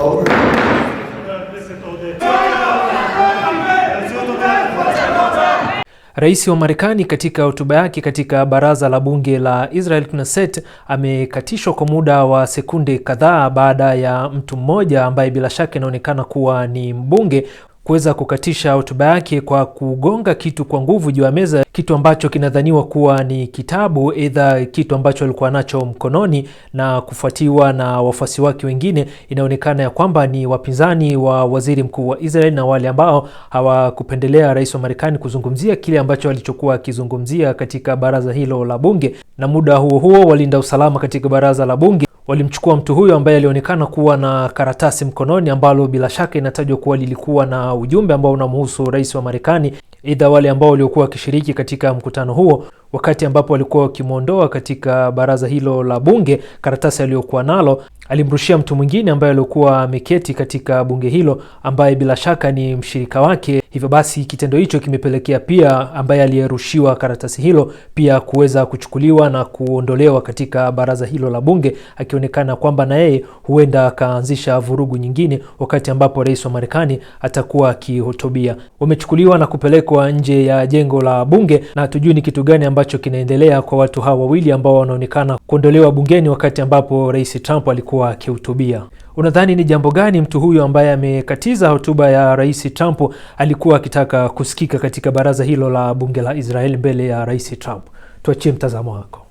Over. Rais wa Marekani katika hotuba yake katika baraza la bunge la Israel Knesset amekatishwa kwa muda wa sekunde kadhaa baada ya mtu mmoja ambaye bila shaka inaonekana kuwa ni mbunge kuweza kukatisha hotuba yake kwa kugonga kitu kwa nguvu juu ya meza, kitu ambacho kinadhaniwa kuwa ni kitabu, aidha kitu ambacho alikuwa nacho mkononi, na kufuatiwa na wafuasi wake wengine. Inaonekana ya kwamba ni wapinzani wa waziri mkuu wa Israel na wale ambao hawakupendelea rais wa Marekani kuzungumzia kile ambacho alichokuwa akizungumzia katika baraza hilo la bunge, na muda huo huo walinda usalama katika baraza la bunge Walimchukua mtu huyo ambaye alionekana kuwa na karatasi mkononi ambalo bila shaka inatajwa kuwa lilikuwa na ujumbe ambao unamhusu rais wa Marekani, aidha wale ambao waliokuwa wakishiriki katika mkutano huo, wakati ambapo walikuwa wakimwondoa katika baraza hilo la bunge, karatasi aliyokuwa nalo alimrushia mtu mwingine ambaye alikuwa ameketi katika bunge hilo, ambaye bila shaka ni mshirika wake. Hivyo basi kitendo hicho kimepelekea pia ambaye aliyerushiwa karatasi hilo pia kuweza kuchukuliwa na kuondolewa katika baraza hilo la bunge, akionekana kwamba na yeye huenda akaanzisha vurugu nyingine wakati ambapo rais wa Marekani atakuwa akihutubia. Wamechukuliwa na kupelekwa nje ya jengo la bunge, na tujui ni kitu gani ambacho kinaendelea kwa watu hawa wawili ambao wanaonekana kuondolewa bungeni wakati ambapo rais Trump alikuwa alipokuwa akihutubia. Unadhani ni jambo gani mtu huyu ambaye amekatiza hotuba ya Rais Trump alikuwa akitaka kusikika katika baraza hilo la bunge la Israel mbele ya Rais Trump? Tuachie mtazamo wako.